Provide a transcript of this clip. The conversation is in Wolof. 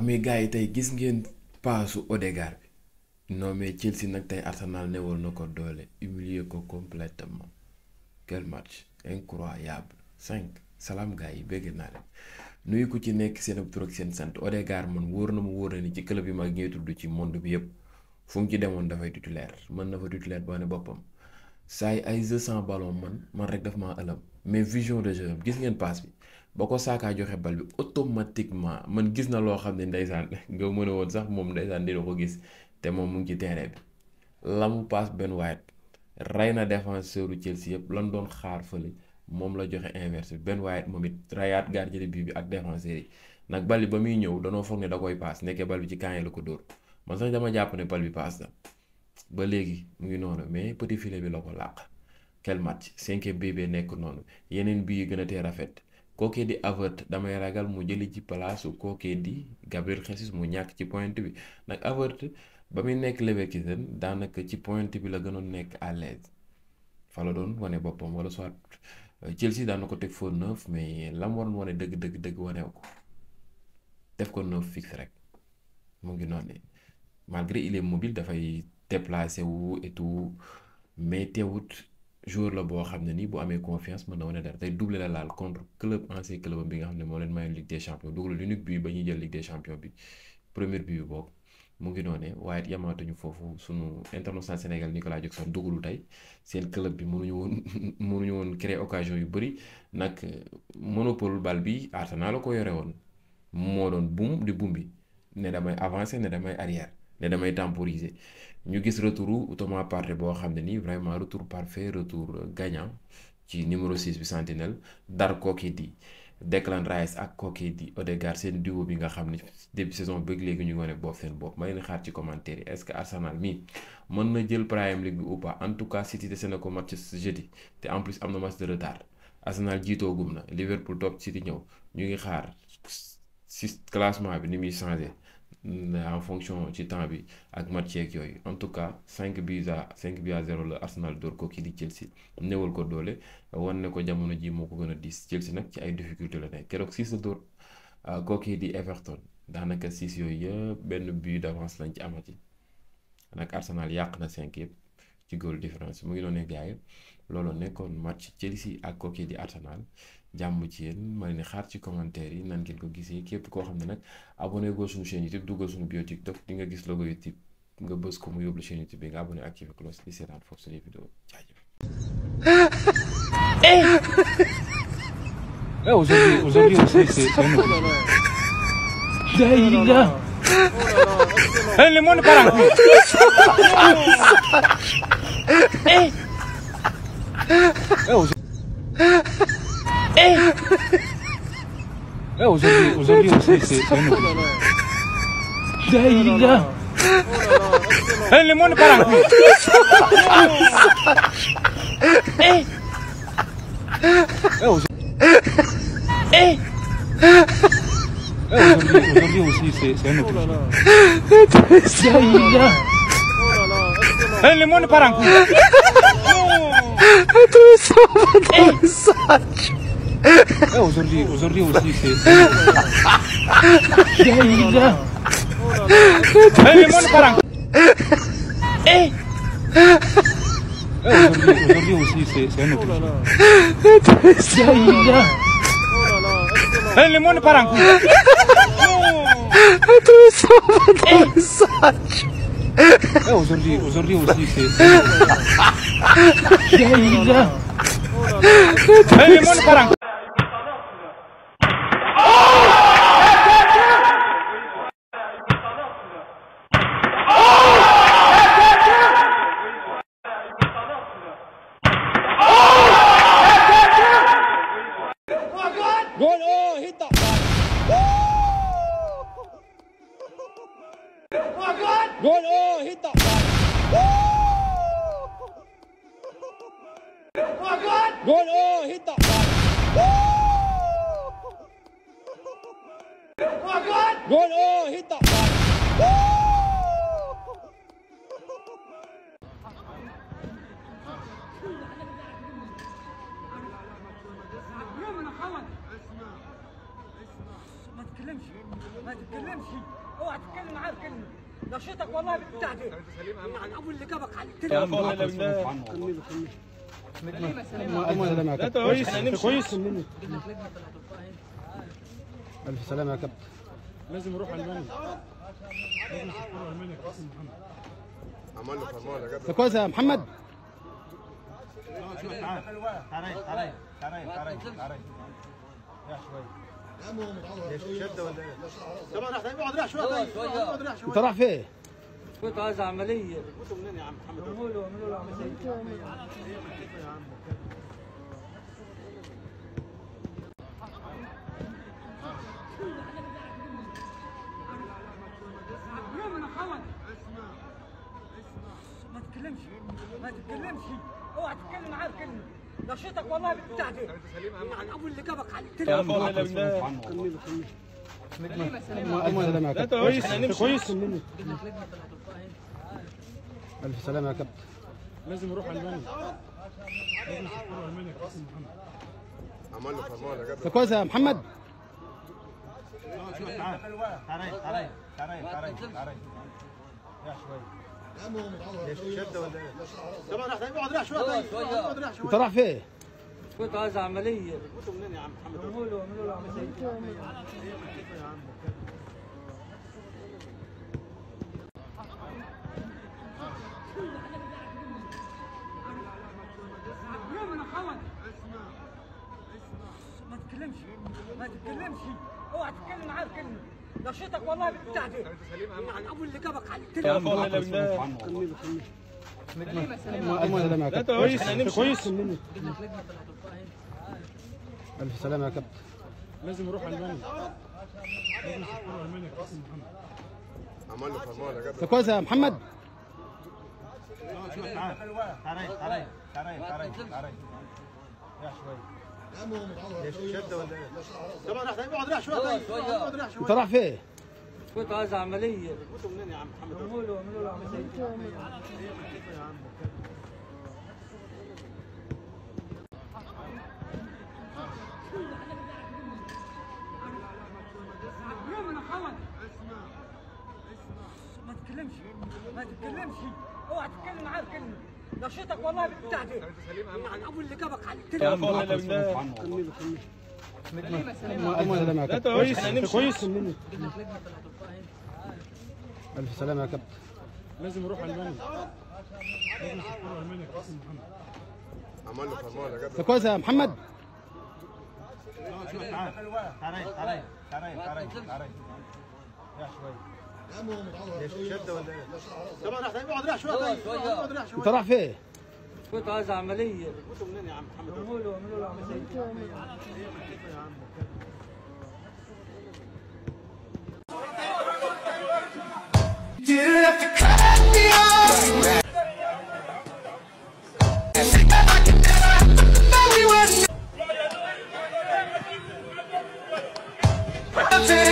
mais gars yi tey gis ngeen paasu Odegaard bi non mais Chelsea nag tey Arsenal newal na ko doole humilier ko complètement quel match incroyable cinq salaam gars yi bëgg naa leen nuyu ku ci nekk seen ab tur ak seen sant Odegaard man wóor na mu wóor na ni ci club yu mag ñooy tudd ci monde bi yëpp fu mu ci demoon dafay titulaire mën na fa titulaire ba ne boppam saa yi ay 200 ballon man man rek daf ma ëlëm mais vision de jeu gis ngeen passe bi. ba ko saakaa joxe bal bi automatiquement man gis na loo xam ne ndeysaan nga mën a woon sax moom ndeysaan dina ko gis te moom mu ngi ci terrain bi la mu paas benn White rey na défenseur u Chelsea yëpp lan doon xaar fële moom la joxe inverse bi Ben White moom it reyaat gardien de but bi ak défenseur yi nag bal bi ba muy ñëw danoo foog ne da koy paas nekkee bal bi ci kaay la ko dóor man sax dama jàpp ne bal bi paas na ba léegi mu ngi noonu mais petit filet bi la ko làq quel match bee nekk noonu yeneen bii yi gën a tee rafet kookee di Havertz damay ragal mu jëli ci palaasu kookee di Gabriel Jesus mu ñàkk ci pointe bi nag Havertz ba muy nekk Leverkusen daanaka ci pointe bi la gënoon nekk à l'aise fa la doon wane boppam wala soit euh, Chelsea daan na ko teg foo neuf mais lam waroon wane dëgg dëgg dëgg waneew ko def ko neuf fixe rek mu ngi noonu malgré il est mobile dafay déplacé wu et tout mais teewut jour la boo xam ne nii bu amee confiance mën na wane dara tey double la laal contre club ancien club bi nga xam ne moo leen mayoon Ligue des champions double l'unique but ba ñuy jël Ligue des champions bi premier but bi boog mu ngi noone waaye it yamaatuñu foofu sunu international Sénégal Nicolas Jackson dugalu tey seen club bi mënuñu woon ñu woon créer occasion yu bëri nag monopole bal bi naa la ko yore woon moo doon buum di buum bi ne damay avancer ne damay arrière. ne damay mm. temporiser ñu gis retouru Thomas Partey boo xam ne nii vraiment retour parfait retour gagnant ci numéro 6 bi Sentinelle dar Kokédi Declan Rice ak di Kokédi Odegaard seen duo bi nga xam ne début saison bëgg léegi ñu wane boobu seen bopp ma leen xaar ci commentaire yi est-ce que Arsenal mii mën na jël Premier League bi ou pas en tout cas City dese na ko match jeudi te en plus am na match de retard Arsenal jiitoogum na Liverpool topp City ñëw ñu ngi xaar si classement bi ni muy changé. en fonction ci temps bi ak match yooyu en tout cas cinq bis à 5 buts à 0 la Arsenal door ko kii di Chelsea néewal ko doole wan ne ko jamono ji moo ko gën a diis Chelsea nag ci ay difficulté la ne keroog 6 la door koo di Everton daanaka 6 yooyu yëpp benn but d'avance lañ ci amati nag Arsenal yàq na 5 yëpp ci goal différence mu ngi noonu ne gars yi loolu nekkoon match Chelsea ak koo kii di Arsenal. jàmm ci yéen ma leen xaar ci commentaire yi nan ngeen ko gisee képp koo xam ne nag abonné goo suñu chaîne YouTube duggal suñu bio TikTok di nga gis logo YouTube nga bës ko mu yóbbu chaîne YouTube bi nga abonné activé cloche di seetaan foofu suñuy vidéo jaajëf. eh, eh aujourd'hui aujourd'hui Eh ouais, aujourd'hui, aujourd'hui aussi, c'est un autre. Daïga Eh, le monde parle Eh Eh Aujourd'hui aussi, c'est un autre. Daïga Eh, le monde parle en couille. Atravessava atravessado. aujourd'hui, aujourd'hui aussi, c'est. Eh Aujourd'hui aussi, c'est un autre. Eh, le monde part en couille. Non Tu es eh, aujourd'hui, aujourd'hui aussi, c'est. Eh, le monde part en Good. Oh, hit that one. Oh, God. Good. Oh, hit that one. Oh, God. Good. Oh, hit that one. ما تتكلمش ما تتكلمش اوعى تتكلم معاه كلمه نشيطك والله بتاعتي يعني ابو اللي جابك على يا فضل الله كمله كمله لا كويس كويس الف سلامه يا كابتن لازم نروح المانيا لازم نروح المانيا عملنا فرمان يا كابتن كويس يا محمد تعال تعال تعال تعال تعال طبعا راح اقعد راح شويه طيب اقعد راح شويه انت راح فين؟ كنت عايز عمليه كنت منين يا عم محمد؟ اعملوا له اعملوا له عمليه يا عم ما تتكلمش ما تتكلمش اوعى تتكلم معاه كلمه نشيطك والله بتاع دي يعني ابو اللي جابك عليه يا فضل الله كملوا كملوا لا كويس كويس الف سلامه يا كابتن لازم نروح المانيا لازم نروح المانيا عمل له فرمان يا كابتن كويس يا محمد تعالى تعالى تعالى تعالى تعالى يا شويه طبعا راح اقعد راح شويه طيب اقعد راح شويه انت راح فين؟ كنت عايز عمليه كنت منين يا عم محمد؟ اعملوا له اعملوا له عمليه ما تتكلمش ما تتكلمش اوعى تتكلم معاه كلمه نشيطك والله بتاعتي عن ابو اللي جابك على التليفون يا عم والله بالله ألف سلامة يا كابتن كويس كويس ألف سلامة يا كابتن لازم نروح ألمانيا عمل له فرمان يا كابتن كويس يا محمد تعال تعال تعال تعال تعال يا شوية طب انا راح اقعد راح شويه اقعد راح شويه انت راح فين؟ كنت عايز عمليه كنتوا منين يا عم محمد؟ اعملوا له اعملوا له عمليه يا عم اسمع اسمع ما تتكلمش ما تتكلمش اوعى تتكلم معاه كلمه نشيطك والله بتاعتي يعني ابو اللي جابك على التليفون يا فضل الله كمله كمله لا كويس كويس الف سلامه يا كابتن لازم نروح المانيا لازم نروح المانيا كابتن محمد عملنا فرمان كويس يا محمد تعال تعال تعال تعال تعال يا شويه طبعا راح اقعد راح شويه طيب اقعد راح شويه انت راح فين؟ كنت عايز عمليه كنت منين يا عم محمد؟ اعملوا له اعملوا له عمليه يا عم Didn't have to cut me off. Mountain.